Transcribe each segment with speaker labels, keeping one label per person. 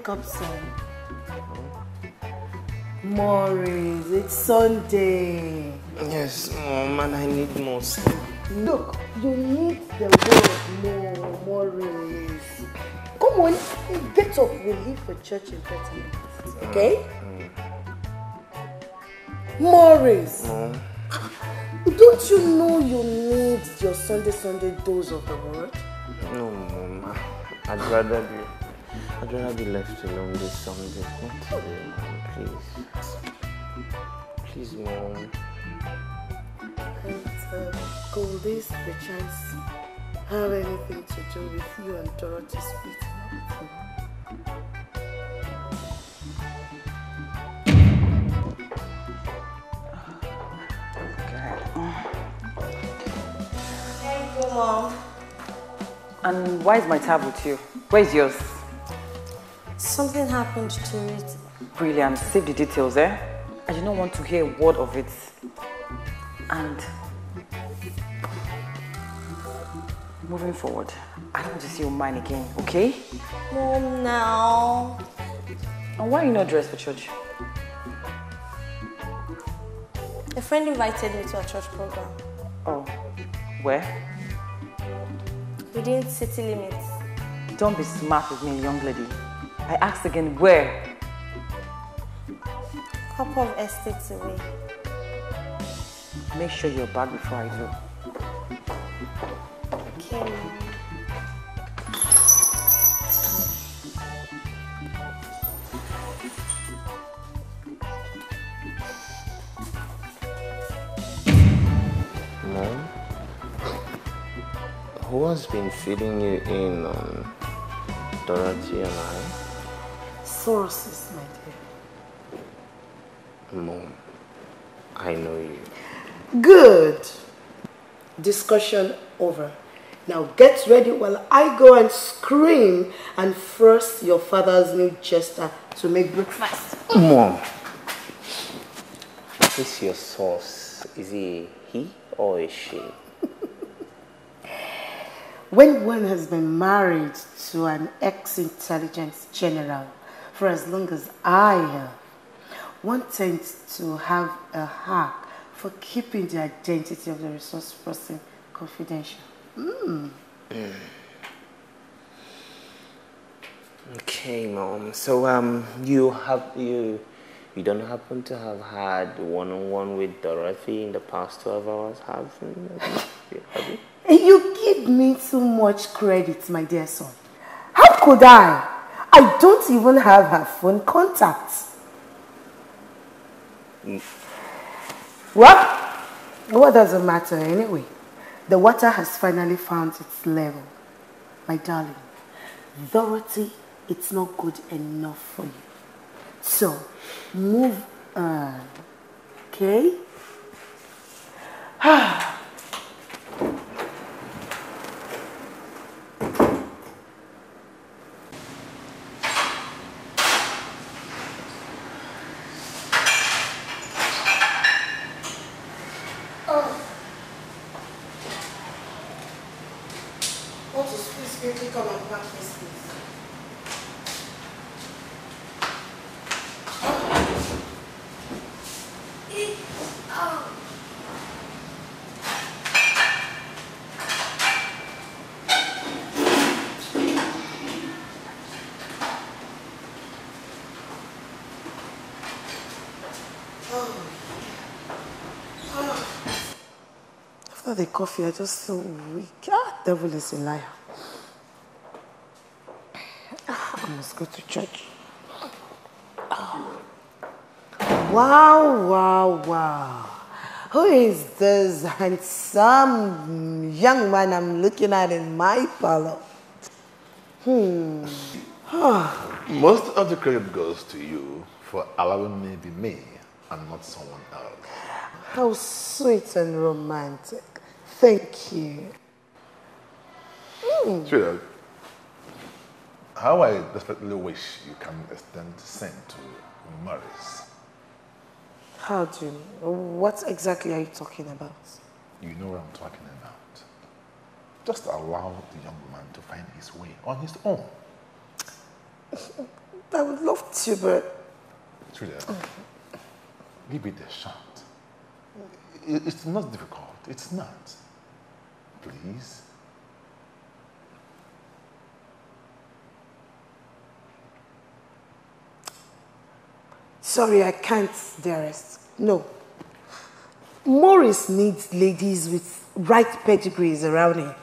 Speaker 1: wake-up song. Morris, it's Sunday. Yes, oh, Mom, and I need more sleep. Look, you need the word more, Morris. Come on, get up. we leave for church in 30 minutes, mm, okay? Mm. Morris. Mm. Don't you know you need your Sunday, Sunday dose of the word?
Speaker 2: No, Momma, I'd rather be I'd rather be left alone this Sunday. not today, mom, please. Please, mom. And,
Speaker 1: uh, could this perchance have anything to do with you and Dorothy's meeting?
Speaker 3: Mom. And why is my tab with you? Where's yours?
Speaker 4: Something happened to it.
Speaker 3: Brilliant. Save the details, eh? I do not want to hear a word of it. And moving forward, I don't want to see your mind again, okay? Mom, now. And why are you not dressed for church?
Speaker 5: A friend invited me to a church program.
Speaker 3: Oh, where?
Speaker 5: Within city limits.
Speaker 3: Don't be smart with me, young lady. I asked again, where?
Speaker 5: Couple of estates away.
Speaker 3: Make sure you're back before I do.
Speaker 6: Okay.
Speaker 2: Mom? Who has been feeding you in on Dorothy and I?
Speaker 1: sources, my
Speaker 2: dear. Mom, I know you.
Speaker 1: Good. Discussion over. Now get ready while I go and scream and frost your father's new jester to make breakfast. Mom,
Speaker 2: this your source. Is he he or is she?
Speaker 1: when one has been married to an ex-intelligence general, for as long as I have. One tends to have a hack for keeping the identity of the resource person confidential.
Speaker 6: Mm. Mm.
Speaker 2: Okay, mom. So um, you have you you don't happen to have had one-on-one -on -one with Dorothy in the past 12 hours, have you? have you?
Speaker 1: You give me too much credit, my dear son. How could I? I don't even have her phone contact. What? Well, what does it matter anyway? The water has finally found its level. My darling, Dorothy, it's not good enough for you. So, move on. Okay? Ah. the coffee, I just feel weak. Ah, devil is a liar. I must go to church. Oh. Wow, wow, wow. Who is this handsome young man I'm looking at in my parlor? Hmm.
Speaker 2: Most of the credit goes to you for allowing me to be me and not someone else.
Speaker 1: How sweet and romantic. Thank you.
Speaker 2: Hmm. Sweetheart, how I desperately wish you can extend same to
Speaker 1: Maurice. How do you? What exactly are you talking about?
Speaker 7: You know what I'm talking about. Just allow the young man to find
Speaker 3: his way on his own. I would love to, but. Sweetheart, give it a shot. It's not difficult. It's not please?
Speaker 1: Sorry, I can't, dearest. No. Morris needs ladies with right pedigrees around him.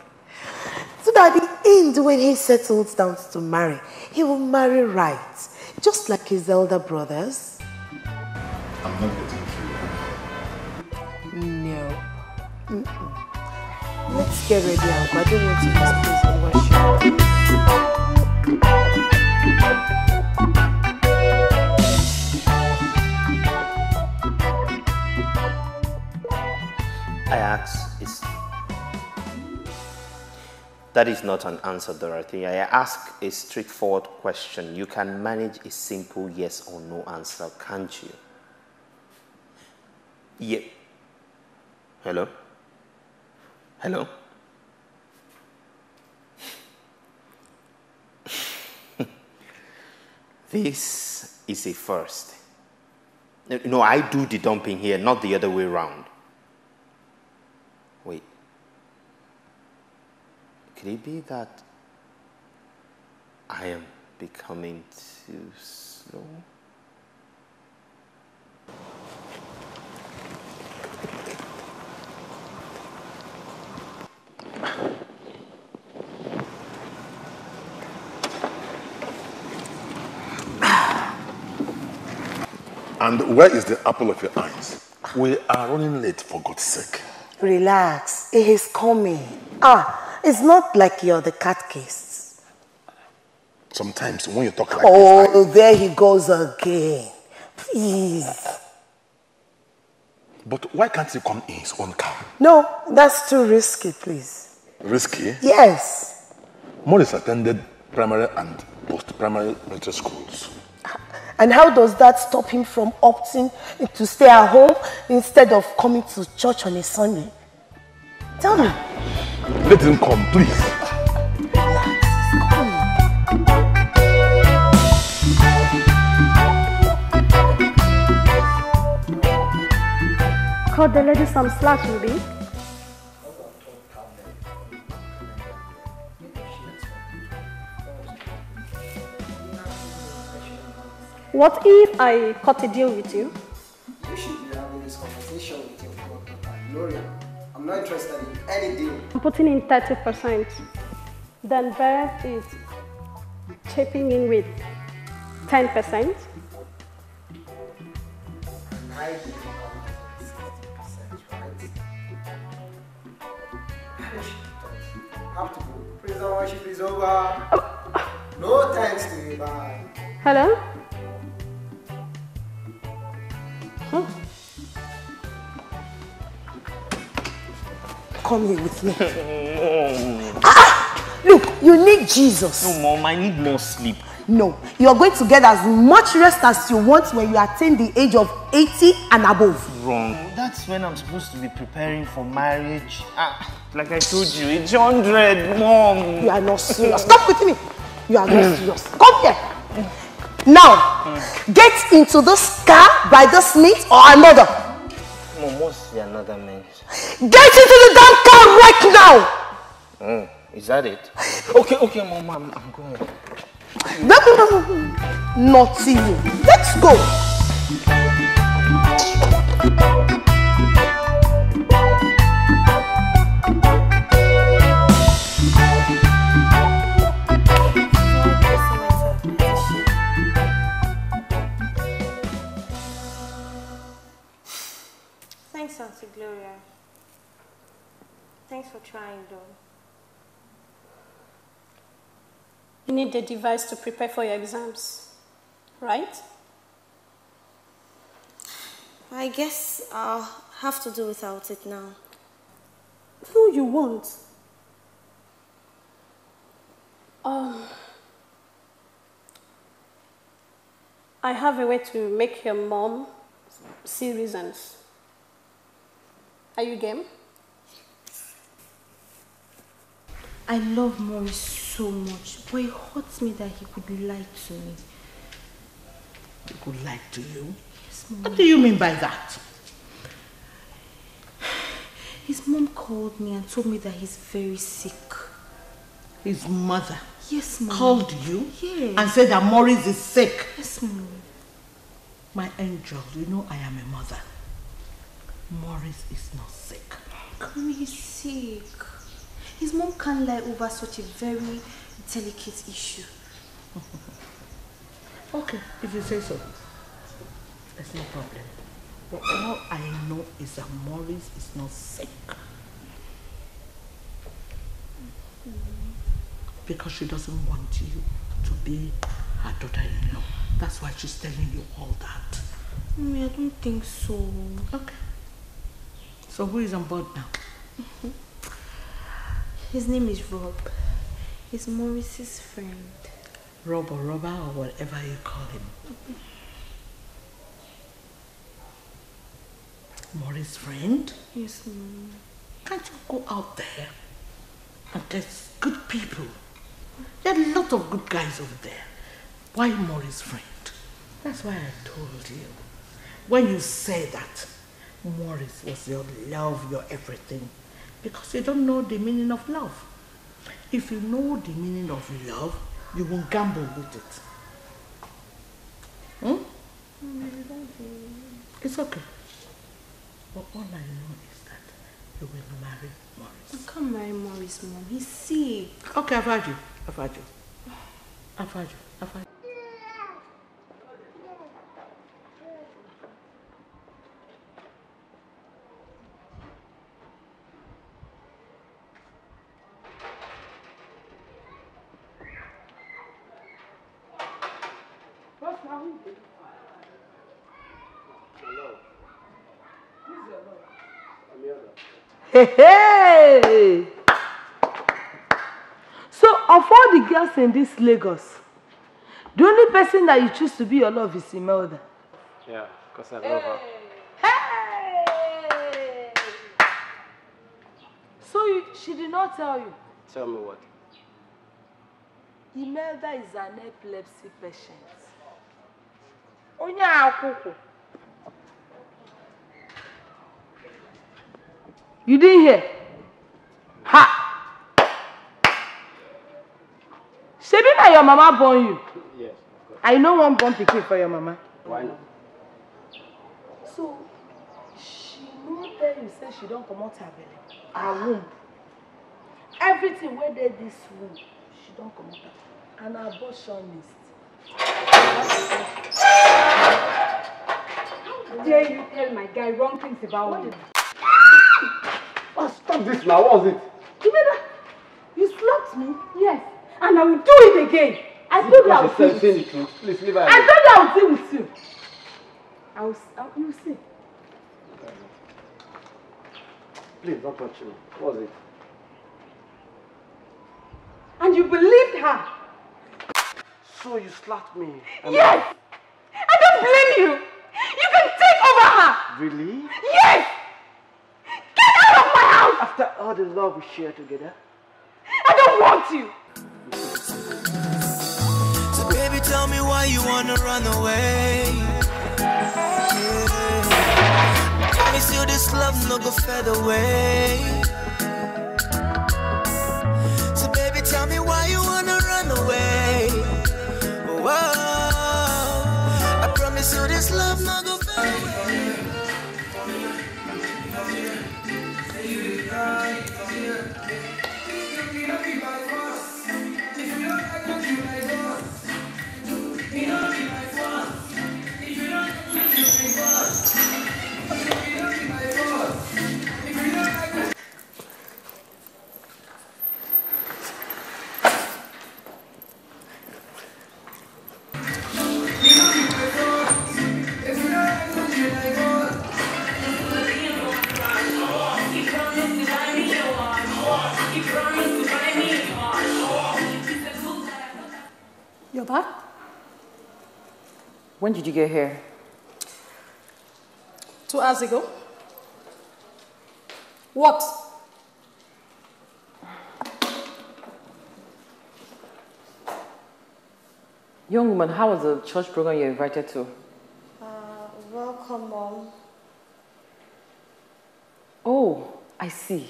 Speaker 1: So that at the end, when he settles down to marry, he will marry right, just like his elder brothers.
Speaker 6: I'm not getting
Speaker 1: through. No. Mm -mm. Let's get ready I don't
Speaker 6: want to
Speaker 2: is. That is not an answer, Dorothy. I ask a straightforward question. You can manage a simple yes or no answer, can't you? Yeah. Hello? Hello? this is a first. No, I do the dumping here, not the other way around. Wait. Could it be that I am becoming too slow? And where is the apple of your eyes? We are running late, for God's sake.
Speaker 1: Relax. He is coming. Ah, it's not like you're the cat case.
Speaker 3: Sometimes when you talk like
Speaker 1: oh, this. Oh, I... there he goes again. Please.
Speaker 3: But why can't he come in his own
Speaker 2: car?
Speaker 1: No, that's too risky, please. Risky? Yes.
Speaker 7: Morris attended primary and post primary middle schools.
Speaker 1: And how does that stop him from opting to stay at home instead of coming to church on a Sunday? Tell me.
Speaker 8: Let him come, please.
Speaker 4: Cut the lady some slack, Ruby. What if I cut a deal with you?
Speaker 1: You should be having this conversation with your partner, Gloria. I'm not interested in any deal. I'm putting in
Speaker 4: 30%. Then Barrett is chipping in with 10%. I did
Speaker 8: 60%, Please don't worship is over. Oh. No thanks to you, bye.
Speaker 4: Hello?
Speaker 1: Huh? Come here with me.
Speaker 6: no.
Speaker 1: Ah! Look, you need Jesus. No, mom, I
Speaker 2: need more sleep.
Speaker 1: No, you are going to get as much rest as you want when you attain the age of 80 and above.
Speaker 2: Wrong. That's when I'm supposed to be preparing for marriage. Ah, like I told you, it's 100, mom. You are not serious. Stop
Speaker 1: with me. You are not serious. Come here. Now, mm. get into this car by this means or another.
Speaker 2: Mom, what's the another man.
Speaker 1: Get into the damn car right now!
Speaker 2: Mm. Is that it?
Speaker 1: Okay, okay, Mom, I'm, I'm going. No, no, no, no. Not you. Let's go.
Speaker 5: Thanks, Auntie Gloria. Thanks for trying, though.
Speaker 4: You need the device to prepare for your exams, right? I guess I'll have to do without it now. No, you won't. Um, I have a way to make your mom see reasons. Are you game? I love Maurice so
Speaker 7: much, but it hurts me that he could lie to me. He could lie to you? Yes, Mom. What do you mean by that?
Speaker 9: His mom called me and told me that he's very sick. His mother?
Speaker 6: Yes, Mom. Called you? Yes. And said that Maurice is
Speaker 9: sick? Yes, Mom.
Speaker 7: My angel, you know I am a mother. Morris is not sick.
Speaker 4: Come, he's sick. His mom can't lie over such a very
Speaker 9: delicate issue. okay, if you say so,
Speaker 7: there's no problem. But all I know is that Morris is not sick. Because she doesn't want you to be her daughter-in-law. That's why she's telling you all that.
Speaker 4: Mommy, I don't think so. Okay.
Speaker 7: So who is on board now?
Speaker 4: His name is Rob. He's
Speaker 9: Maurice's friend.
Speaker 7: Rob or Robber or whatever you call him. Maurice's friend?
Speaker 9: Yes, ma'am.
Speaker 7: Can't you go out there and get good people? There are a lot of good guys over there. Why Maurice's friend? That's why I told you. When you say that, Morris was your love, your everything. Because you don't know the meaning of love. If you know the meaning of love, you won't gamble with it. Hmm? It's okay. But all I know is that you will
Speaker 4: marry Morris. I can't marry Morris, Mom. He's sick.
Speaker 7: Okay, I've had you.
Speaker 6: I've had you. I've had you. I've had you.
Speaker 1: Hey, hey. So of all the girls in this Lagos, the only person that you choose to be your love is Imelda.
Speaker 4: Yeah, because I love her.
Speaker 1: Hey! So you, she did not tell you?
Speaker 4: Tell me what?
Speaker 7: Imelda is an epilepsy patient. Onye
Speaker 1: akwụkwọ.
Speaker 9: You didn't hear? Ha!
Speaker 7: Sebi na your mama born you. Yes. I know one born pikin for your mama.
Speaker 1: Why not? So, she no tell you say she don comot her belly. Her womb. Everything wey dey this womb, she don
Speaker 9: comot am. And her abortion list. How dare you tell my guy wrong things about me? Stop this now. What was it? You remember? You slapped me? Yes. And I will do it again. I told you I will see with you. The truth. Please leave her I told you I will see with you. I will, I will, you will see.
Speaker 4: Please don't touch me. What was it?
Speaker 9: And you believed her. So you slapped me. Yes! I don't blame you. You can take over her. Really? Yes!
Speaker 8: all the love we share together. I don't want you! So baby, tell me why you wanna run away. Yeah. Promise you this love no go fade away.
Speaker 3: When did you get here?
Speaker 4: Two hours ago. What?
Speaker 3: Young woman, how was the church program you invited to?
Speaker 5: Uh, welcome, Mom.
Speaker 3: Oh, I see.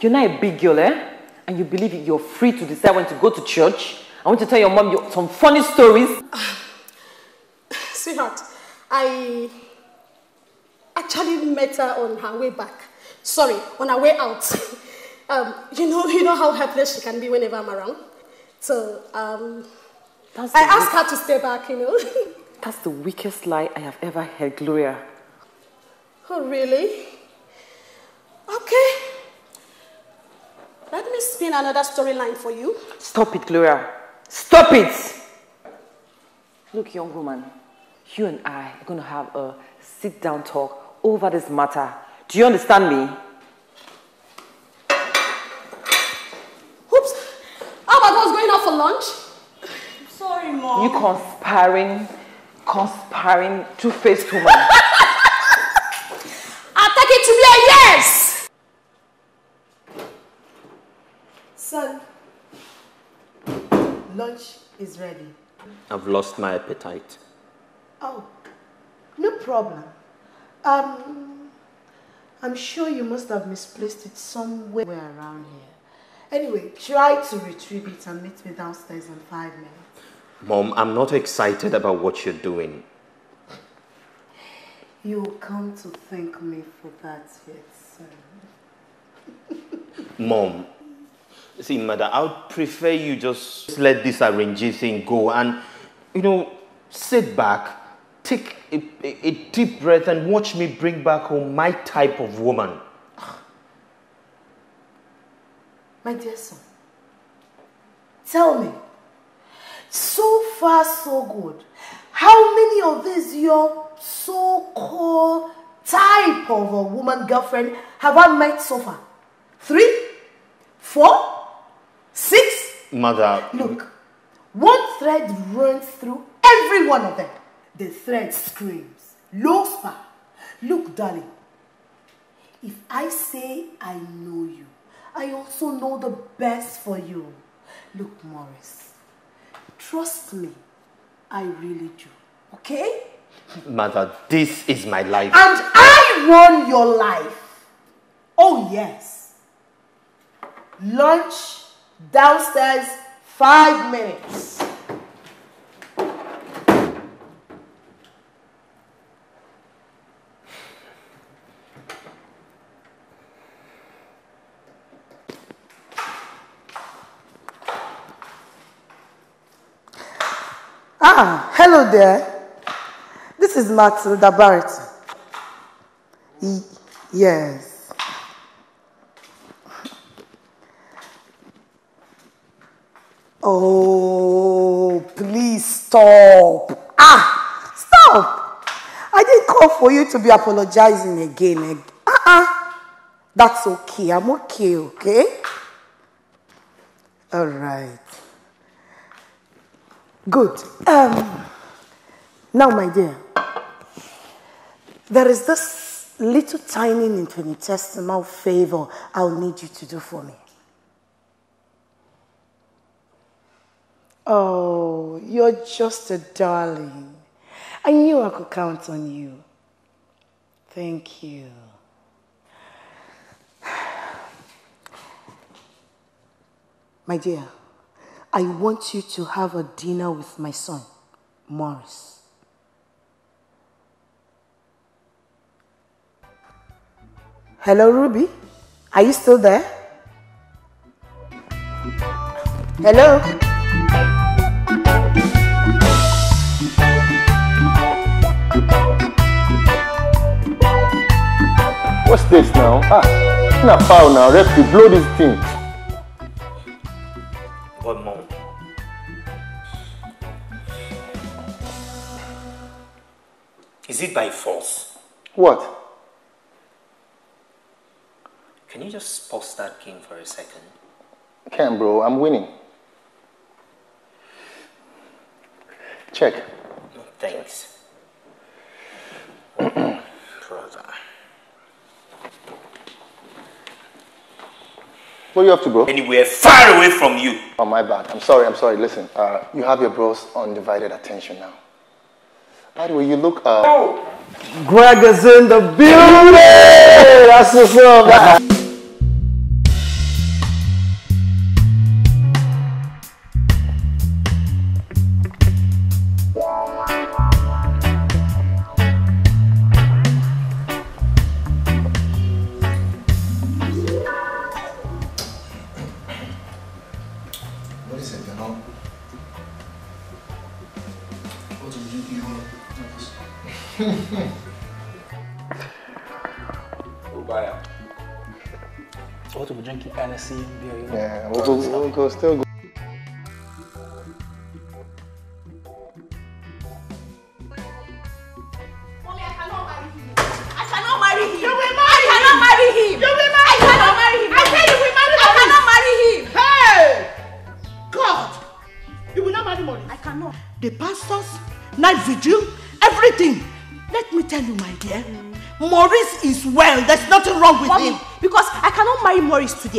Speaker 3: You're not a big girl, eh? And you believe you're free to decide when to go to church. I want to tell your mom some funny stories. sweetheart,
Speaker 4: I actually met her on her way back. Sorry, on her way out. um, you know, you know how helpless she can be whenever I'm around. So um, I asked her to stay back. You know.
Speaker 3: That's the weakest lie I have ever heard, Gloria.
Speaker 4: Oh really? Okay. Let me spin another storyline for you.
Speaker 3: Stop it, Gloria. Stop it! Look, young woman you and I are going to have a sit down talk over this matter. Do you understand me? Oops. about us going out for
Speaker 9: lunch. sorry, Mom.
Speaker 4: You
Speaker 3: conspiring, conspiring, two-faced woman.
Speaker 9: I take it to be a yes!
Speaker 1: Son, lunch is ready.
Speaker 2: I've lost my appetite.
Speaker 1: Oh, no problem. Um, I'm sure you must have misplaced it somewhere around here. Anyway, try to retrieve it and meet me downstairs in five minutes.
Speaker 2: Mom, I'm not excited about what you're doing.
Speaker 1: You'll come to thank me for that yet,
Speaker 2: Mom, see, mother, I would prefer you just let this arranging thing go and, you know, sit back take a, a, deep breath and watch me bring back home my type of woman.
Speaker 1: My dear son, tell me, so far so good, how many of these your so-called type of a woman girlfriend have I met so far? Three? Four? Six? Mother. Look, one thread runs through every one of them. The thread screams, Lofa, look, darling, if I say I know you, I also know the best for you. Look, Morris, trust me, I really do, okay?
Speaker 2: Mother, this is my life.
Speaker 1: And I run your life. Oh, yes. Lunch downstairs, five minutes. Ah, hello there. This is Matilda Barrett. yes. Oh, please stop. Ah, stop. I didn't call for you to be apologizing again. Ah, ah. That's okay. I'm okay, okay? All right. Good. Um, now, my dear, there is this little tiny infinitesimal favor I'll need you to do for me. Oh, you're just a darling. I knew I could count on you. Thank you. My dear. I want you to have a dinner with my son, Morris. Hello, Ruby. Are you still there?
Speaker 6: Hello?
Speaker 8: What's this now? Ah, it's not
Speaker 2: foul now. let's blow this thing. by force. What? Can you just pause that game for a second? can, bro. I'm winning.
Speaker 8: Check. No, thanks. Brother.
Speaker 2: Where are you up to, bro? Anywhere far away from you. On oh, my back. I'm sorry. I'm sorry. Listen, uh, you have your bro's undivided attention now. By the way, you look up. Uh...
Speaker 9: Greg is in the building! That's what's up.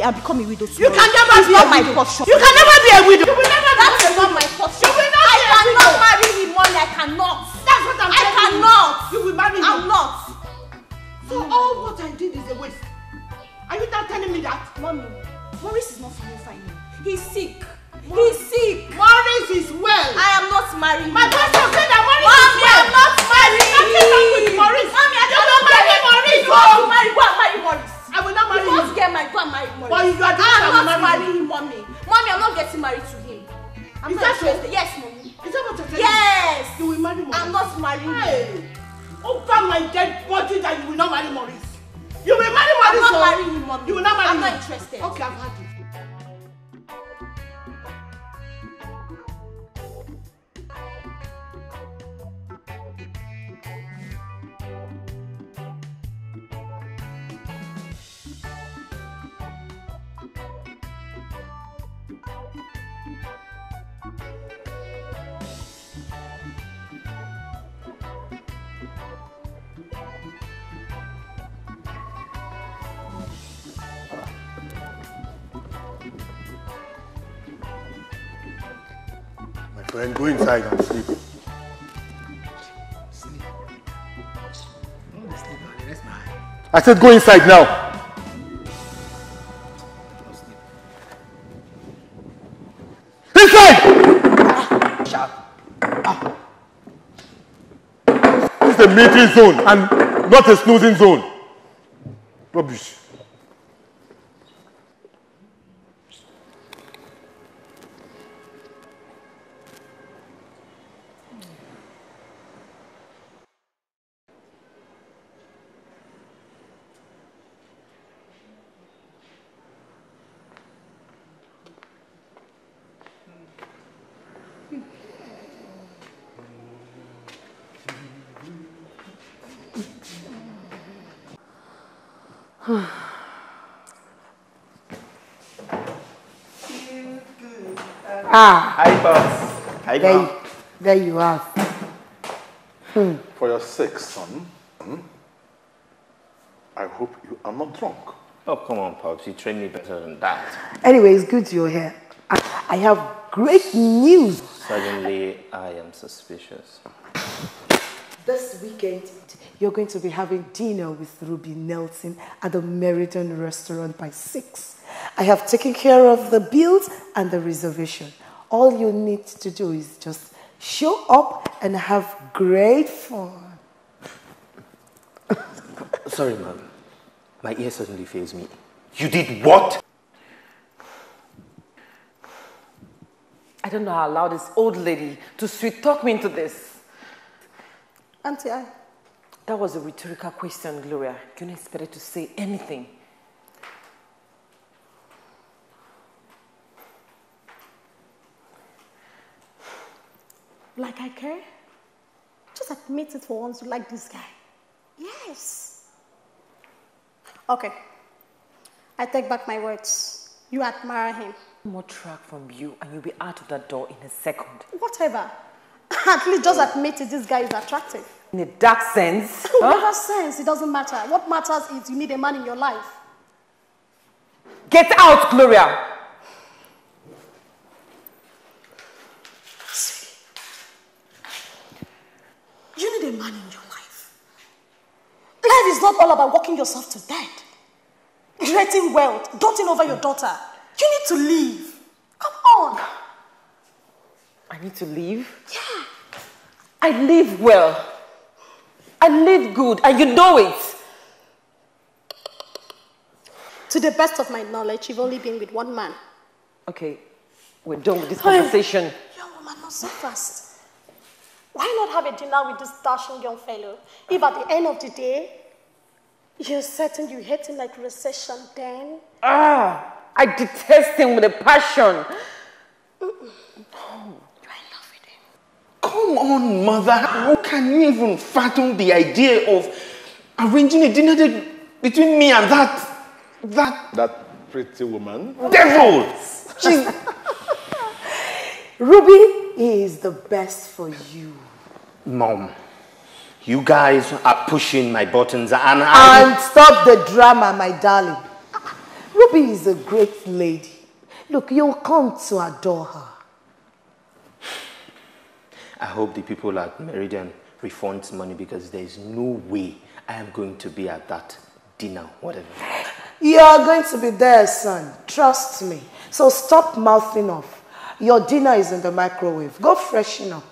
Speaker 9: I'll become a widow You can never be not a my widow. portion. You can never be a widow. You will never that be a is widow. not my portion. You will not I be a cannot widow. marry with money. I cannot. That's what I'm I cannot. you. will marry him. I'm not. So all what I did is a waste. Are you not telling me that? Mommy, Maurice is not feeling fine. He's sick. Maurice. He's sick. Maurice is well. I am not marrying. My pastor said that Maurice Mommy, is well. Mommy, I'm not marrying. Nothing happened to Maurice. Mommy, I don't want to marry Maurice. You want to marry, go marry Maurice will not marry you. You get married. Go and marry mommy. But you are doing that, I will not marrying, mommy. Mommy, I'm not getting married to him. I'm Is not interested. Yes, mommy. Is that what you're telling yes. me? Yes. You will marry mommy. I'm not marrying hey. you. Oh, Over my dead body that you will not marry Maurice. You will marry Maurice. I'm not oh. marrying him, mommy. You will not marry I'm him. not interested. Okay, I'm happy. Go inside and sleep.
Speaker 7: I said go inside now.
Speaker 6: Inside.
Speaker 9: This is a meeting zone and not a snoozing zone. Rubbish.
Speaker 2: Ah. ah. hi, boss. there, you,
Speaker 1: there you are. Hmm.
Speaker 2: For your sake, son, hmm, I hope you are not drunk. Oh, come on, Pops. You train me better than that.
Speaker 1: Anyway, it's good you're here. I, I have great news.
Speaker 2: Suddenly, I am suspicious.
Speaker 1: This weekend, you're going to be having dinner with Ruby Nelson at the Meridian restaurant by 6. I have taken care of the bills and the reservation. All you need to do is just show up and have great fun.
Speaker 2: Sorry, ma'am. My ear suddenly fails me. You
Speaker 3: did what? I don't know how I allowed this old lady to sweet talk me into this. Auntie, I that was a rhetorical question, Gloria. You didn't expect to say anything.
Speaker 4: Like I care? Just admit it for once you like this guy. Yes. Okay. I take back my words. You admire him.
Speaker 3: More track from you, and you'll be out of that door in a second.
Speaker 4: Whatever. At least just admit it, this guy is attractive.
Speaker 3: In a dark sense.
Speaker 4: Whatever sense, it doesn't matter. What matters is you need a man in your life.
Speaker 9: Get out, Gloria. You need a man in your life.
Speaker 4: Life is not all about walking yourself to death, creating wealth, doting over your daughter. You need to leave. Come on.
Speaker 9: I need to leave? Yeah. I live well. I
Speaker 3: live good, and you know it.
Speaker 9: To the
Speaker 4: best of my knowledge, you've only been with one man.
Speaker 3: Okay, we're done with this conversation. Young
Speaker 4: woman, not so fast. Why not have a dinner with this dashing young fellow? If at the end of the day, you're certain you hate him like recession, then.
Speaker 3: Ah, I detest him with a passion. Mm
Speaker 6: -mm. Oh. You're in love
Speaker 9: with him. Come on, mother can you even fathom the
Speaker 2: idea of arranging a dinner date between me and that, that... That pretty woman? Devil!
Speaker 1: She's... Ruby is the best for you.
Speaker 2: Mom, you guys are pushing my buttons and I...
Speaker 1: And stop the drama, my darling. Ruby is a great lady. Look, you'll come to adore her.
Speaker 2: I hope the people at Meridian refund money because there is no way I am going to be at that
Speaker 1: dinner, whatever. You are going to be there, son. Trust me. So stop mouthing off. Your dinner is in the microwave. Go freshen up.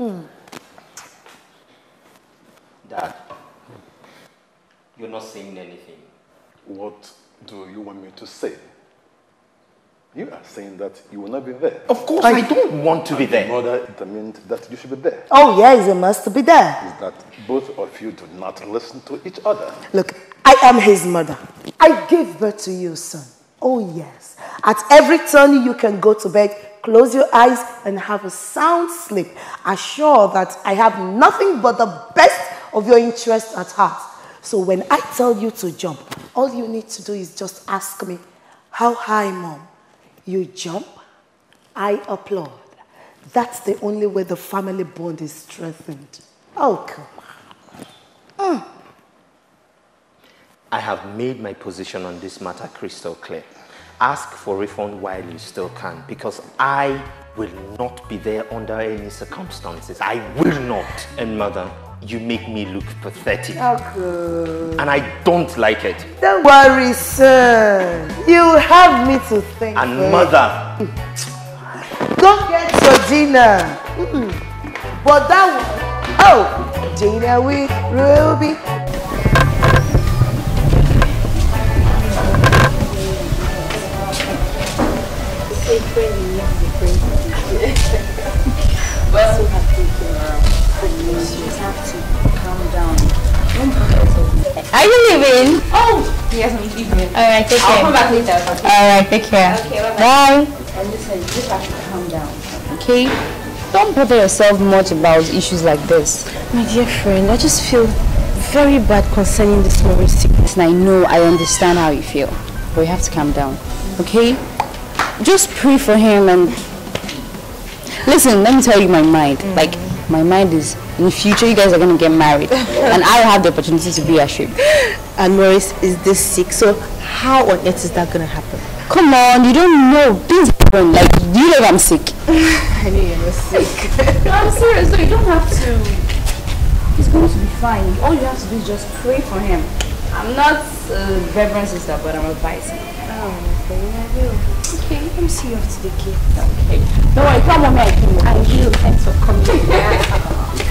Speaker 1: Mm. Dad,
Speaker 2: you're not saying anything. What do you want me to say? You are saying that you will not be there. Of course, I, I don't want to be there. Mother determined that you should be there.
Speaker 1: Oh, yes, you must be there.
Speaker 2: Is that both of you do not listen to each other?
Speaker 1: Look, I am his mother. I gave birth to you, son. Oh, yes. At every turn, you can go to bed, close your eyes, and have a sound sleep. Assure that I have nothing but the best of your interest at heart. So when I tell you to jump, all you need to do is just ask me, How high, mom? You jump, I applaud. That's the only way the family bond is strengthened. Oh, come
Speaker 6: on. Mm.
Speaker 2: I have made my position on this matter crystal clear. Ask for refund while you still can because I will not be there under any circumstances. I will not. And, Mother, you make me look pathetic.
Speaker 1: And I
Speaker 2: don't like it.
Speaker 1: Don't worry, sir. you have me to thank. And for. Eh?
Speaker 2: mother.
Speaker 1: Go get your dinner. Mm But that Oh. dinner with Ruby.
Speaker 9: well, uh, so happy to, down.
Speaker 4: Are you
Speaker 8: leaving? Oh, yes, I'm leaving. All right, take care. I'll come back
Speaker 9: later. Okay. All right, take care. Okay, bye. Bye. And listen, you just have to calm down. Okay. Don't bother yourself much about issues like this. My dear friend, I just feel very bad concerning this moral sickness. And I know, I understand how you feel. But you have to calm down, okay? Just pray for him and... Listen, let me tell you my mind. Mm. Like, my mind is in future you guys are going to get married and I will have the opportunity to be ashamed. And Maurice is this sick, so how on earth is that going to happen? Come on, you don't know. Things happen. Like, you know I'm sick. I know you're sick. no, I'm serious. No, you don't have to. He's going to be fine. All you have to do is just pray for him. I'm not a uh, reverend sister, but I'm advising. Oh, okay, I will. Okay, let me see you after the gate. Okay. No, I come on, I And you, thanks for coming.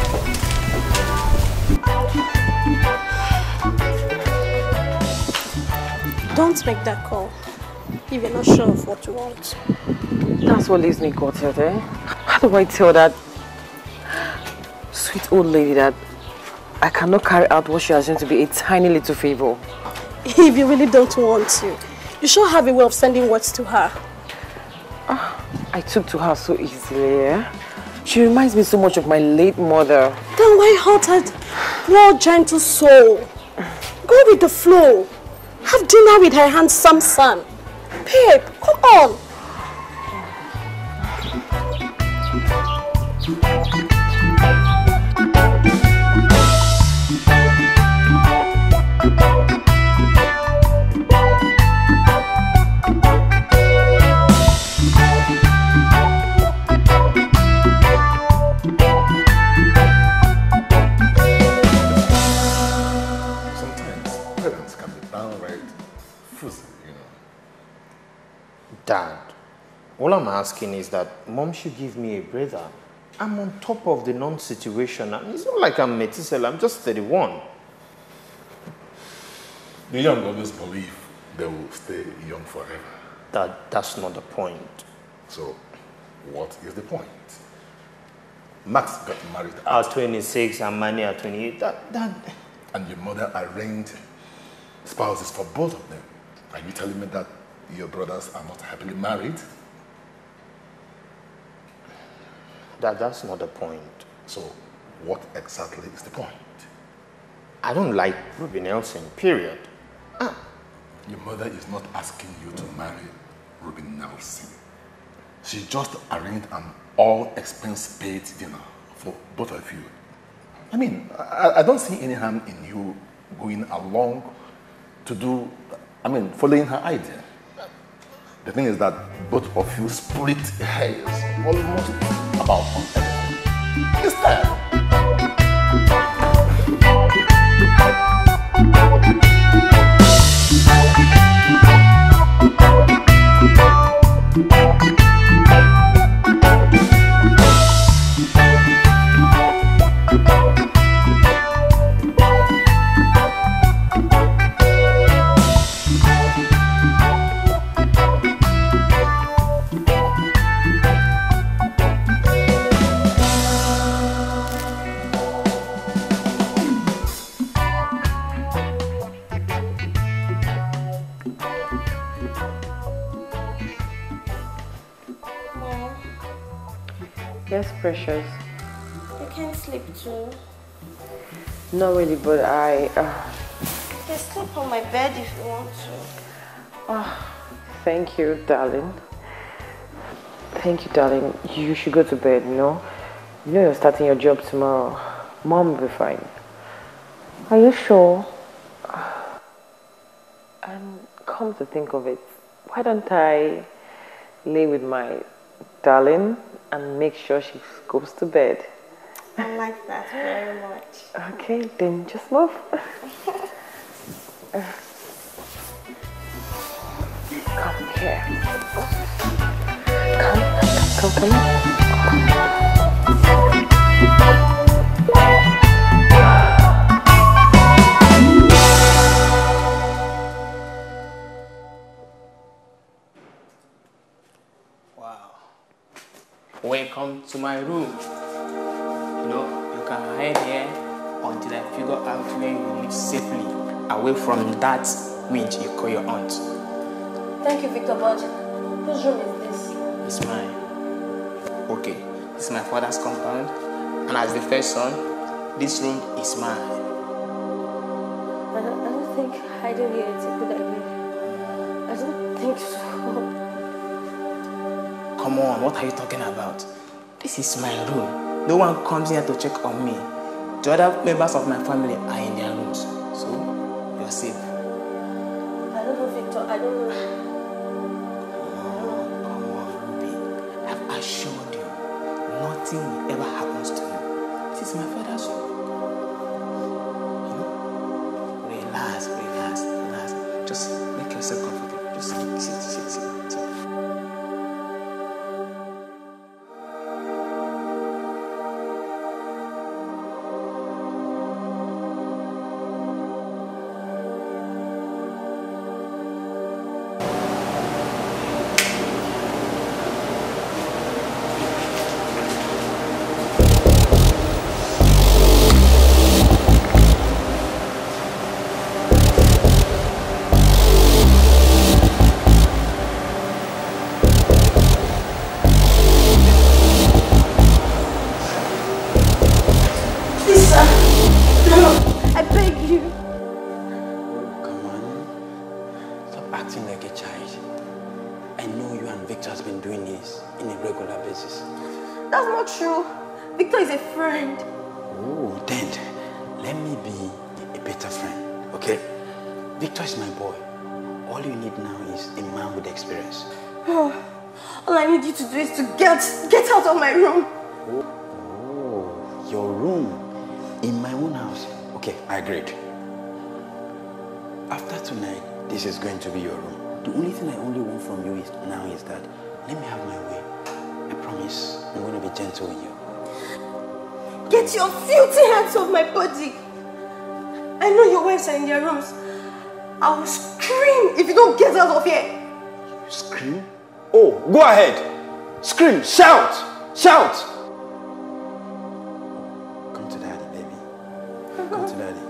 Speaker 4: Don't make that call if you're not sure of what you want.
Speaker 3: That's what leaves me gutted, eh? How do I tell that sweet old lady that I cannot carry out what she has done to be a tiny little favor? If you really don't want to, you
Speaker 4: sure have a way of sending words to her.
Speaker 3: Uh, I took to her so easily, eh? She reminds me so much of my late mother.
Speaker 4: Then why hurt her? Poor gentle soul. Go with the flow. Have dinner with her handsome son.
Speaker 9: Babe, come on.
Speaker 2: asking is that mom should give me a brother. I'm on top of the non situation. It's not like I'm Metisel, I'm just 31. The young always believe they will stay young forever. That, that's not the point. So, what is the point? Max got married at, at 26 and Manny at 28. That, that... And your mother arranged spouses for both of them. Are you telling me that your brothers are not happily married? That, that's not the point. So, what exactly is the point? I don't like Ruby Nelson, period. Ah. Your mother is not asking
Speaker 7: you to marry Ruby Nelson. She just arranged an all-expense paid dinner for both of you. I mean, I, I don't see any harm
Speaker 2: in you going along to do, I mean, following her idea. The thing is that both of you split hairs almost.
Speaker 6: 暴富。
Speaker 3: Yes, precious.
Speaker 9: You can't sleep too.
Speaker 3: Not really, but I... Uh...
Speaker 4: You can sleep on my bed if you want to.
Speaker 3: Oh, thank you, darling. Thank you, darling. You should go to bed, you know? You know you're starting your job tomorrow. Mom will be fine.
Speaker 5: Are you sure?
Speaker 3: And come to think of it, why don't I lay with my darling and make sure she goes to bed.
Speaker 5: I like that very much.
Speaker 3: Okay, then just
Speaker 6: move. come here. Come, come, come, come.
Speaker 2: welcome to my room. You know, you can hide here until I figure out where you live safely, away from that witch you call your aunt.
Speaker 4: Thank you, Victor, but whose room is
Speaker 2: this? It's mine. Okay, it's my father's compound, and as the first son, this room is mine.
Speaker 4: I don't, I don't think hiding here is a good idea. I don't
Speaker 7: think so.
Speaker 1: come on, what are you talking about?
Speaker 7: This is my room. No one comes here to check on me. The other members of my family are in
Speaker 2: their room.
Speaker 9: of my room. Oh, oh your room in my own house. Okay, I agreed. After tonight, this is going to be your room. The only thing I only want from you is now is that let me have my way. I promise I'm going to be gentle with you.
Speaker 4: Get your filthy hands off my body.
Speaker 9: I know your wives are in their rooms. I will scream if you don't get out of here. You scream? Oh, go ahead. Scream, shout. Shout!
Speaker 6: Come to daddy, baby. Come to daddy.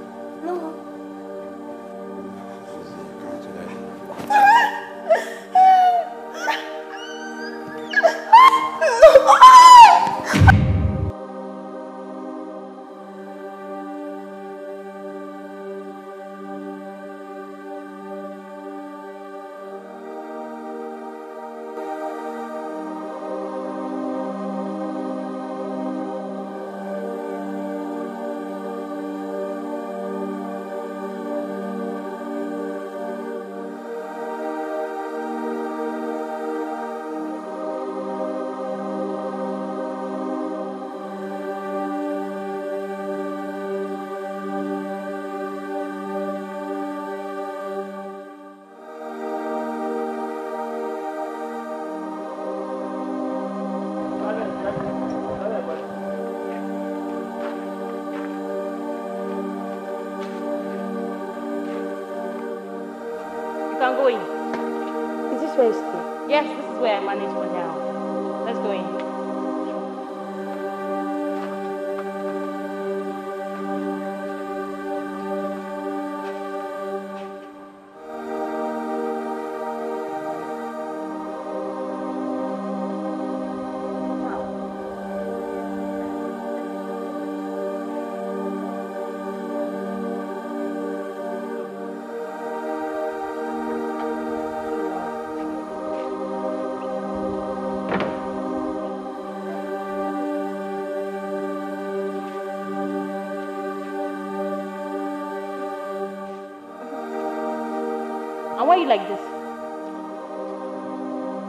Speaker 5: are you like this?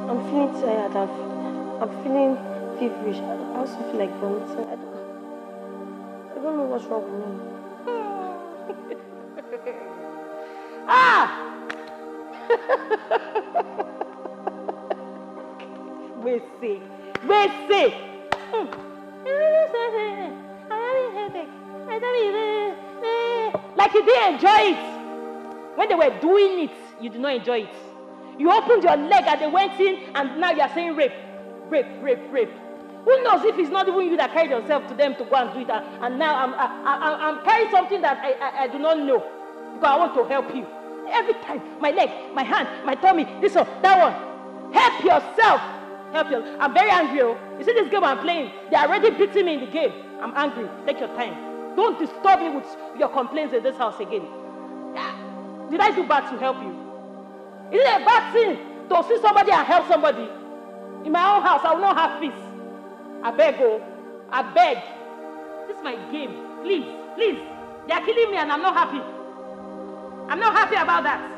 Speaker 4: I'm feeling tired. I'm, I'm feeling feverish. I also feel like vomiting. I don't, I don't know what's wrong with
Speaker 5: me. ah!
Speaker 9: Wait, see. Wait, see. Hmm.
Speaker 5: Like you didn't enjoy it when they were doing it you did not enjoy it. You opened your leg and they went in, and now you are saying rape, rape, rape, rape. Who knows if it's not even you that carried yourself to them to go and do it, and, and now I'm, I, am carrying something that I, I, I do not know because I want to help you. Every time, my leg, my hand, my tummy, this one, that one. Help yourself. Help yourself. I'm very angry. Oh. You see this game I'm playing? They are already beating me in the game. I'm angry. Take your time. Don't disturb me with your complaints in this house again. Did I do bad to help you? Is it a bad thing to see somebody and help somebody? In my own house, I will not have peace. I beg, oh, I beg. This is my game. Please, please. They are killing me and I'm not happy. I'm not happy about that.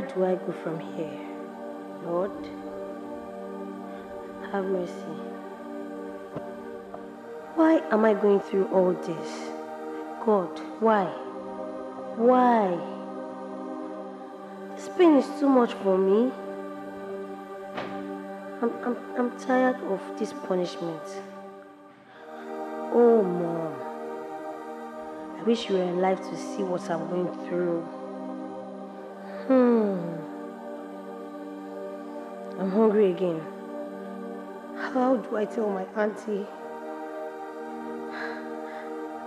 Speaker 4: Where do I go from here? Lord, have mercy. Why am I going through all this? God, why? Why? This pain is too much for me. I'm, I'm, I'm tired of this punishment. Oh, Mom. I wish you were alive to see what I'm going
Speaker 5: through. Hmm. I'm hungry again. How do I tell my auntie?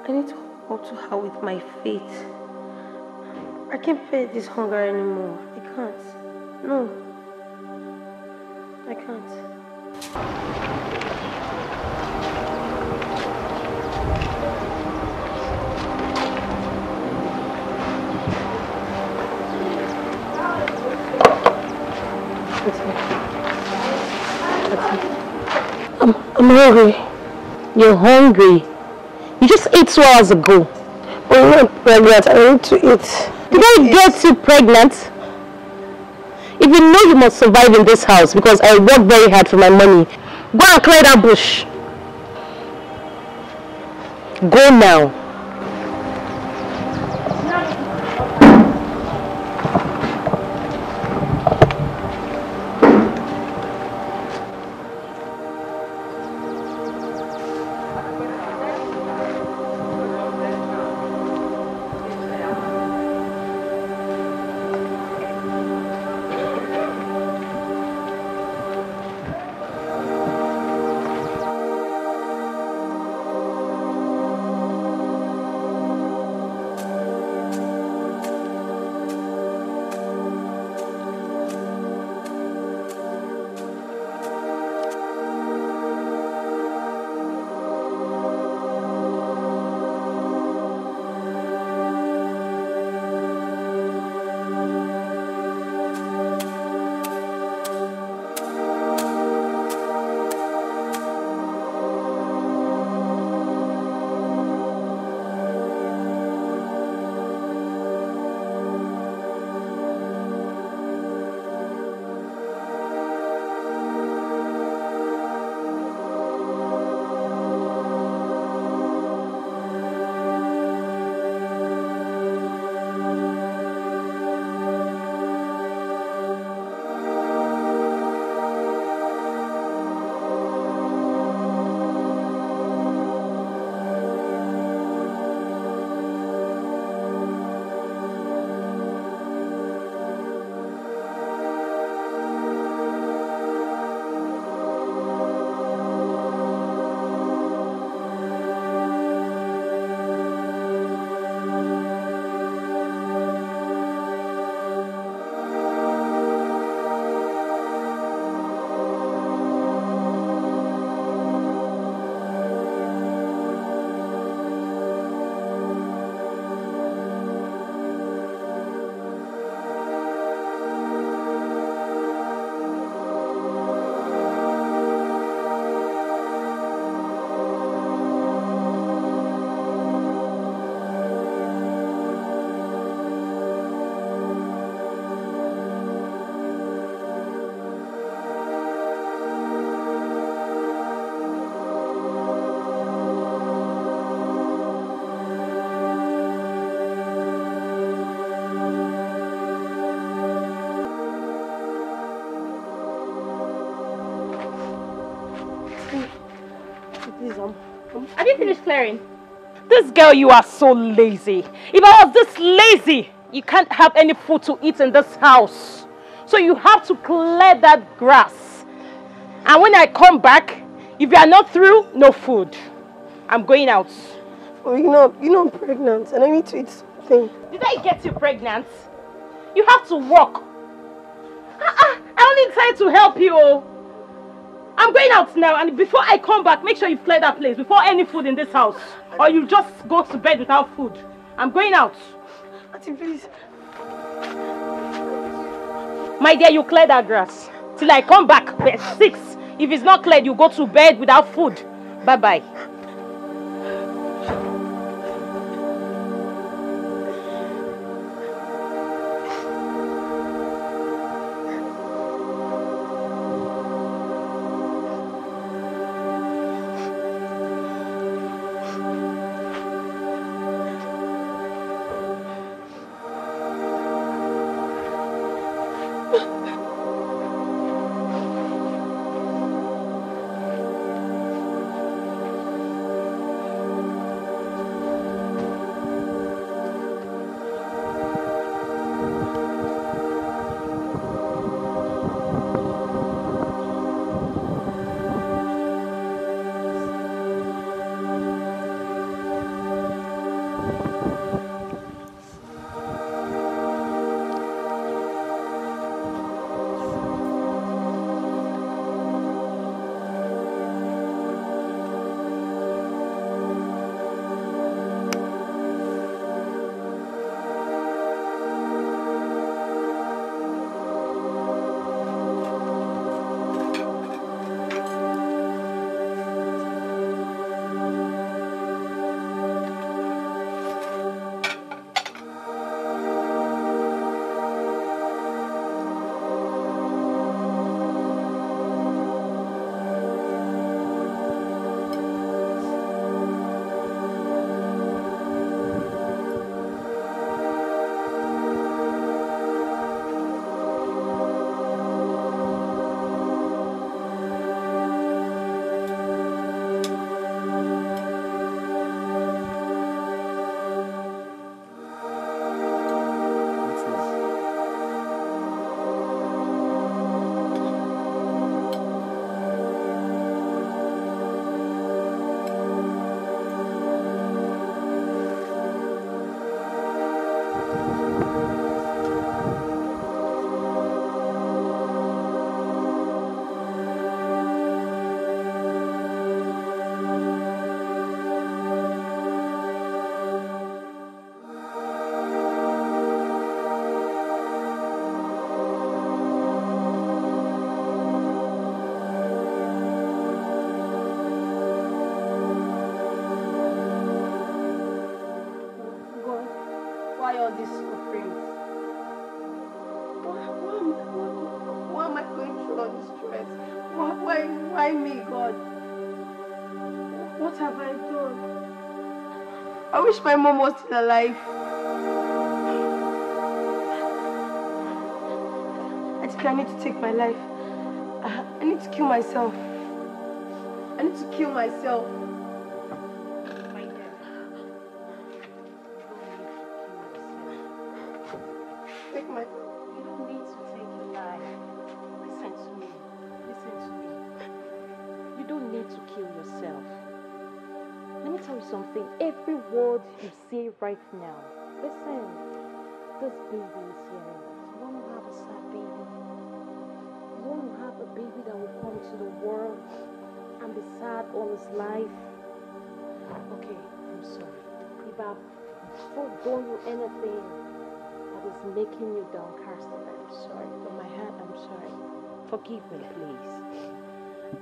Speaker 5: I need to hold to her with my faith.
Speaker 4: I can't bear this hunger anymore. I can't. No.
Speaker 6: I can't. I'm, I'm hungry. You're
Speaker 5: hungry. You just ate two hours ago. But oh, I'm not pregnant. I need to eat. Did I get you pregnant? If you know you must survive in this house because I work very hard for my money, go and clear that bush. Go now. finish clearing. This girl, you are so lazy. If I was this lazy, you can't have any food to eat in this house. So you have to clear that grass. And when I come back, if you are not through, no food. I'm going out. Well, you know, you know I'm pregnant and I need to eat something. Did I get you pregnant? You have to work. I, ah, ah, I only tried to help you. I'm going out now, and before I come back, make sure you clear that place before any food in this house, or you just go to bed without food. I'm going out. Auntie, please. My dear, you clear that grass. Till I come back, six. If it's not cleared, you go to bed without food. Bye-bye.
Speaker 1: wish my mom was still alive. I think I need to take my life. I need to kill myself. I need to kill myself.
Speaker 5: right now. Listen, this baby is here. You want to have a sad baby. You want to have a baby that will come to the world and be sad all his life. Okay, I'm sorry. If I've foregone you anything that is making you downcast. I'm sorry. From my heart, I'm sorry. Forgive me, please.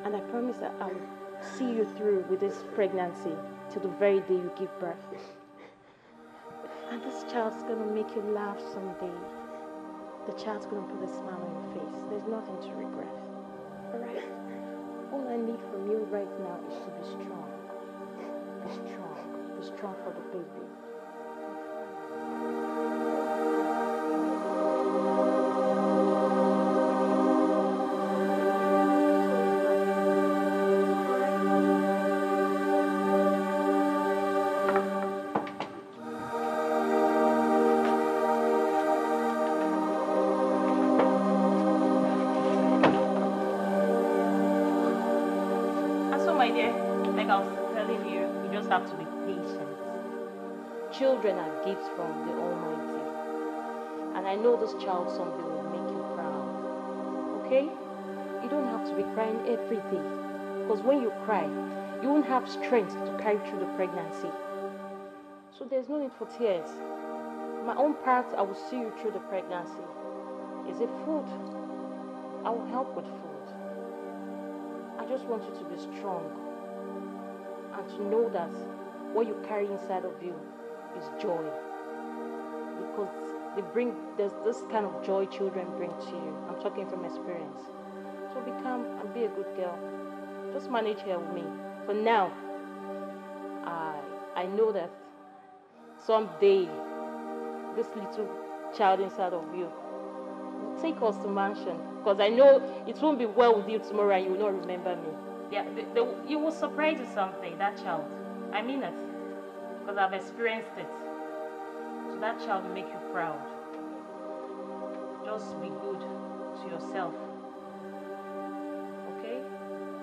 Speaker 5: And I promise that I will see you through with this pregnancy till the very day you give birth.
Speaker 4: And this child's going to make you laugh
Speaker 5: someday. The child's going to put a smile on your face. There's nothing to regret. All right? All I need from you right now is to be strong. Be strong. Be strong for the baby. have to be patient. Children are gifts from the Almighty. And I know this child someday will make you proud. Okay? You don't have to be crying every day. Because when you cry, you won't have strength to carry through the pregnancy. So there's no need for tears. My own part, I will see you through the pregnancy. Is it food? I will help with food. I just want you to be strong to know that what you carry inside of you is joy. Because they bring there's this kind of joy children bring to you. I'm talking from experience. So become and be a good girl. Just manage here with me. For now, I I know that someday this little child inside of you will take us to mansion. Because I know it won't be well with you tomorrow and you will not remember me. Yeah, they, you will surprise you something, that child. I mean it. Because I've experienced it. So that child will make you proud. Just be good to yourself. Okay?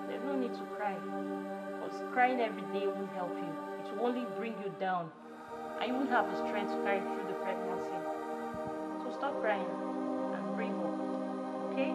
Speaker 5: There's no need to cry. Because crying every day won't help you. It will only bring you down. And you won't have the strength to carry through the pregnancy. So stop crying and bring hope. Okay?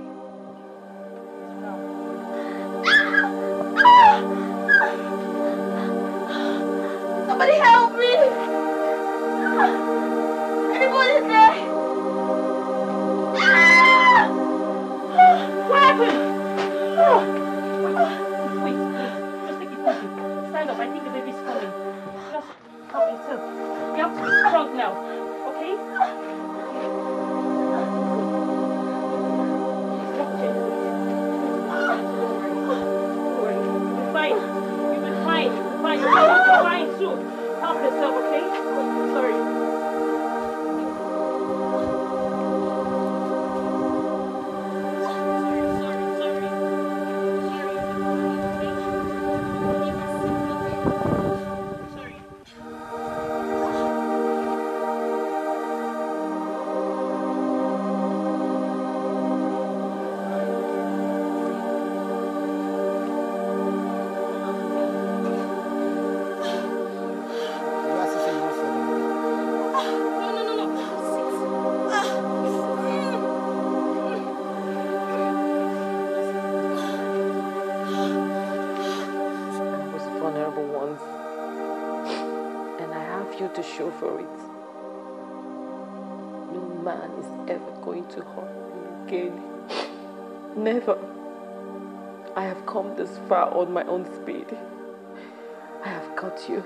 Speaker 3: to show for it. No man is ever going to harm you again. Never.
Speaker 1: I have come this far on my own speed. I have got
Speaker 3: you.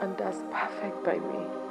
Speaker 3: And that's perfect by me.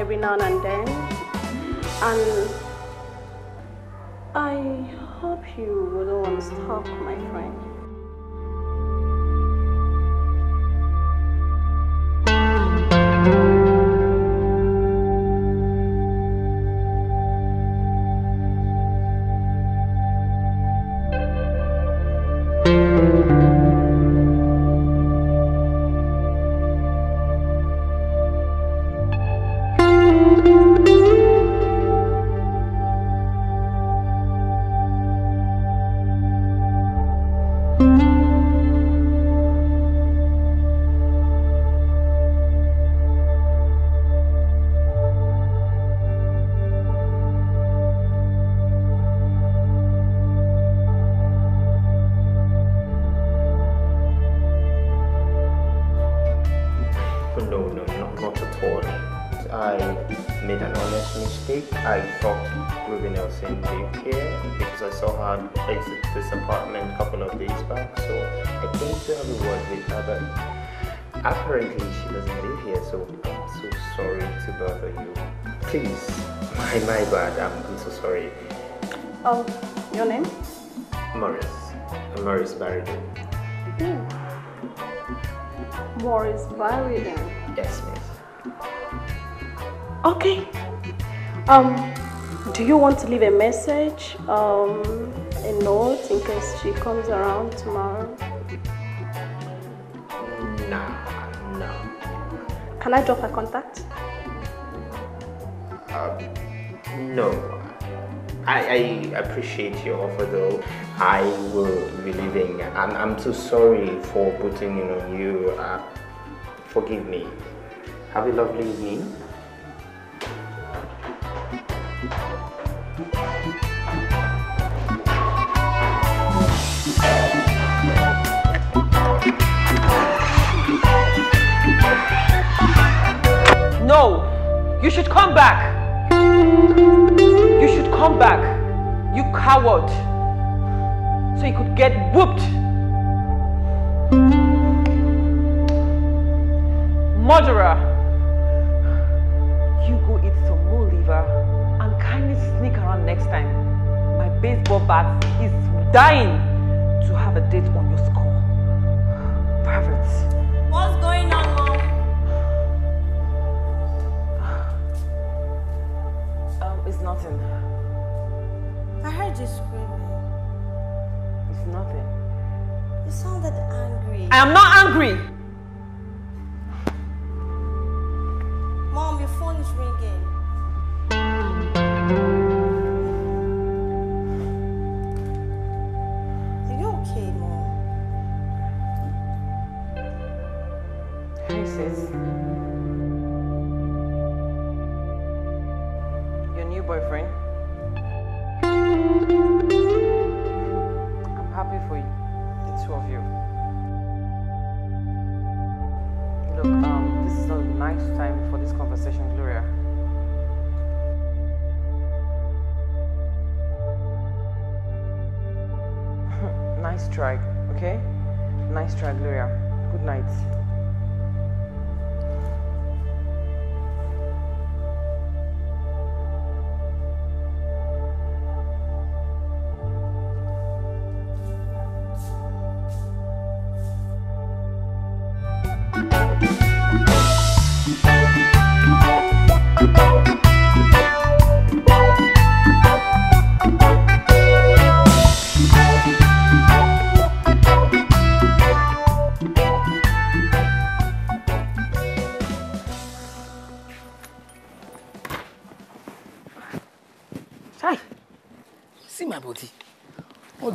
Speaker 4: every now and then. And I hope you wouldn't want to stop, my friend.
Speaker 2: mistake. I talked to Ruby Nelson here because I saw her exit this apartment a couple of days back. So I came to have a word with her, but apparently she doesn't live here. So I'm so sorry to bother you. Please, my my bad. I'm, I'm so sorry.
Speaker 4: Oh, your name?
Speaker 2: Morris. Morris Barrydon
Speaker 4: Hmm. Morris Barriden. Yes, miss. Okay. Um, do you want to leave a message, um, a note in case she comes around tomorrow? Nah, no. Can I drop her contact?
Speaker 2: Um, no. I, I appreciate your offer though. I will be leaving. I'm, I'm so sorry for putting it on you. Uh, forgive me. Have a lovely
Speaker 6: evening.
Speaker 3: No! You should come back! You should come back, you coward! So you could get whooped! Murderer! next time. My baseball bat is dying to have a date on your score.
Speaker 5: Private. What's going on, Mom?
Speaker 3: Um, it's nothing. I heard you screaming. It's nothing. You sounded angry. I am not angry!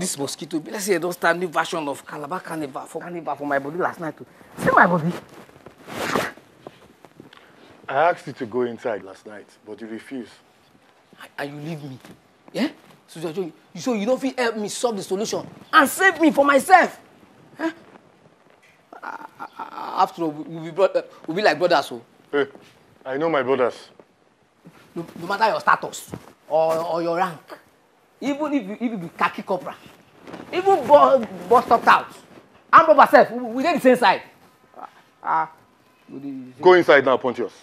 Speaker 7: this mosquito be like say I don start new version of Calabar Carnival for Carnival for my body last night o. See my body.
Speaker 3: I asked you to go inside last night, but you refused.
Speaker 7: And you leave me. Yeah? So, so, so you don't feel help me solve the solution and save me for myself. Eh? after all, we'll be, bro- uh, we'll be like brothers. So. Oh. Hey,
Speaker 3: I know my brothers.
Speaker 7: No, no matter your status or, or your rank, even if you, if you be khaki corporal, even bus bus stopped out hamburger sef we dey the same side. ah, ah.
Speaker 3: go inside now pontius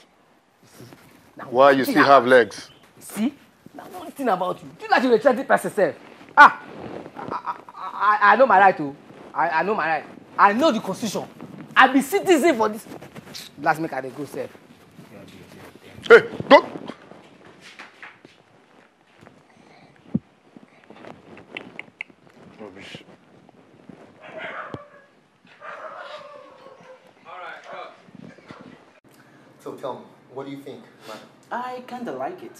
Speaker 3: why you still have legs. see
Speaker 7: na one thing about you do like you dey threa ten person sef ah I, I i know my right o oh. i i know my right i know the constitution i be citizen for this last make i dey go sef.
Speaker 9: hey don't.
Speaker 2: kind of like it.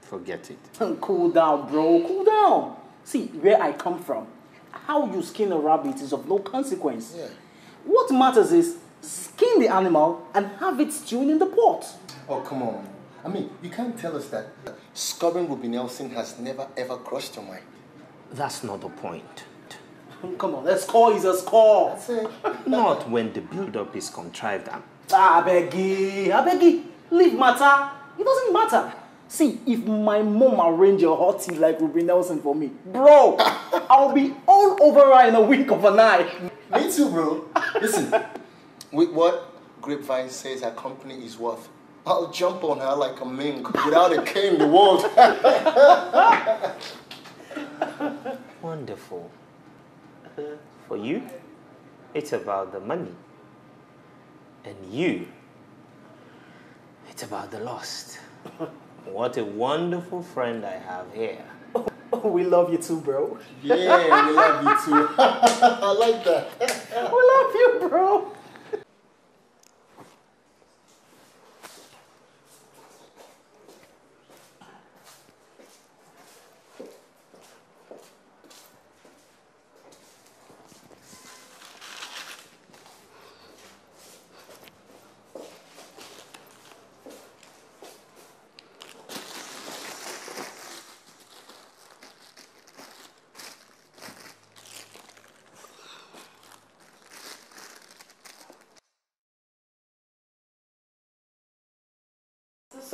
Speaker 2: Forget it.
Speaker 7: cool down, bro. Cool down. See, where I come from, how you skin a rabbit is of no consequence. Yeah. What matters is skin the animal and have
Speaker 2: it stewed in the pot. Oh, come on. I mean, you can't tell us that scoring Ruby Nelson has never ever crossed your mind. That's not the point. Come on, a score is a score. That's it. not when the build-up is contrived. I beg
Speaker 9: you, I beg you. Leave matter. It doesn't matter. See, if my mom arranged a hot tea like Ruby Nelson for me, bro, I'll be all over her in a week of
Speaker 2: a night. Me too, bro. Listen, with what
Speaker 8: Grapevine says her
Speaker 2: company is worth, I'll jump on her like a mink without a care in the world. Wonderful. For you, it's about the money. And you it's about the lost. what a wonderful friend I have here. Oh, we love you too, bro. Yeah, we love you too.
Speaker 9: I like that. we love you, bro.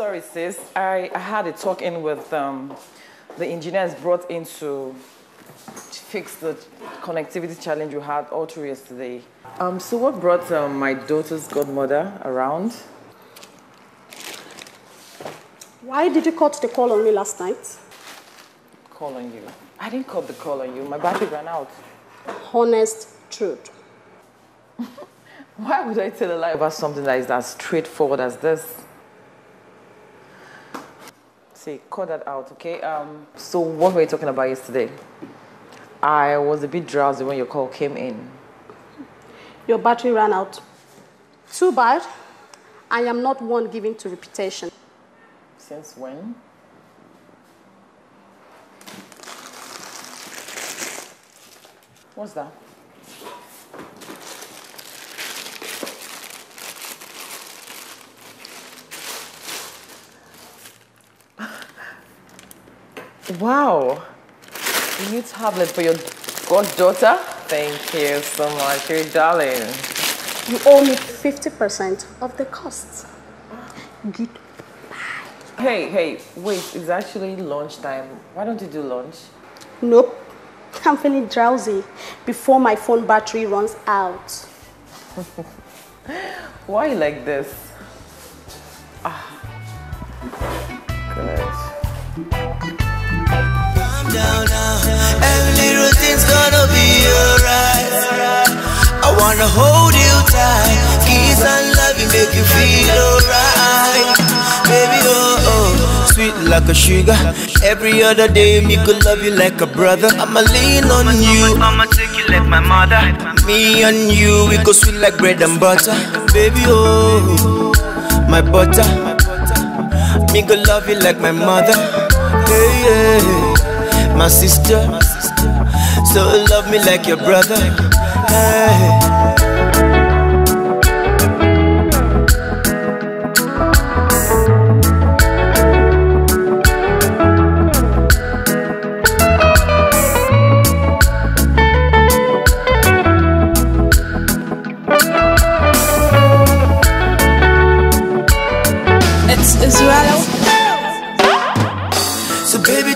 Speaker 3: sorry, sis. I, I had a talk in with um, the engineers brought in to fix the connectivity challenge you had all through yesterday. Um, so, what brought um, my daughter's godmother around?
Speaker 4: Why did you cut the call on me last night?
Speaker 3: Call on you? I didn't cut the call on you. My battery ran out. Honest truth. Why would I tell a lie about something that is as straightforward as this? say, cut that out, okay? Um, so what were you talking about yesterday? I was a bit drowsy when your call came in. Your battery ran out. Too bad.
Speaker 4: I am not one giving to repetition.
Speaker 3: Since when? What's that? Wow. New tablet for your goddaughter? Thank you so much, you darling.
Speaker 4: You owe me 50% of the costs.
Speaker 3: Goodbye. Hey, hey, wait, it's actually lunch time. Why don't you do lunch?
Speaker 4: Nope. I'm feeling drowsy before my phone battery runs out.
Speaker 3: Why like this?
Speaker 8: down now. Every little thing's gonna be alright. I wanna hold you tight. Kiss and love you, make you feel alright. Baby, oh, oh, sweet like a sugar. Every other day, me could love you like a brother. I'ma lean on you. I'ma take you like my mother. Me and you, we go sweet like bread and butter. Baby, oh, my butter. Me go love you like my mother. Hey, yeah my sister. So love me like your brother. Hey.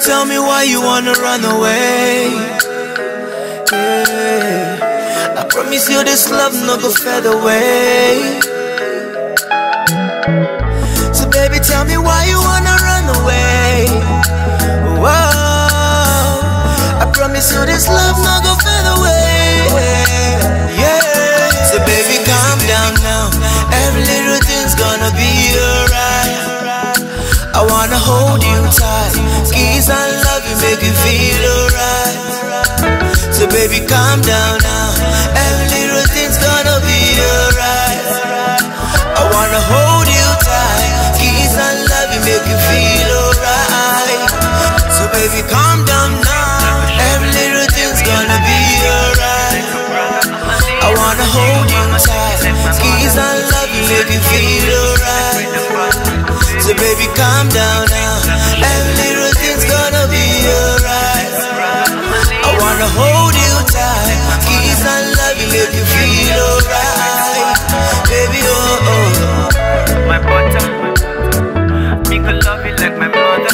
Speaker 8: tell me why you wanna run away. Yeah. I promise you this love no go fade away. So baby, tell me why you wanna run away. Whoa. I promise you this love no go fade away. Yeah. So baby, calm down now. Every little thing's gonna be alright. I wanna hold you tight kiss and love you make you feel alright. So baby, calm down now. Every little thing's gonna be alright. I wanna hold you tight, kiss and love you make you feel alright. So baby, calm down now. Every little thing's gonna be alright.
Speaker 6: I wanna hold you tight, kiss and
Speaker 8: love you make you feel alright. So baby, calm down now. Every butter. Me could love you like my mother.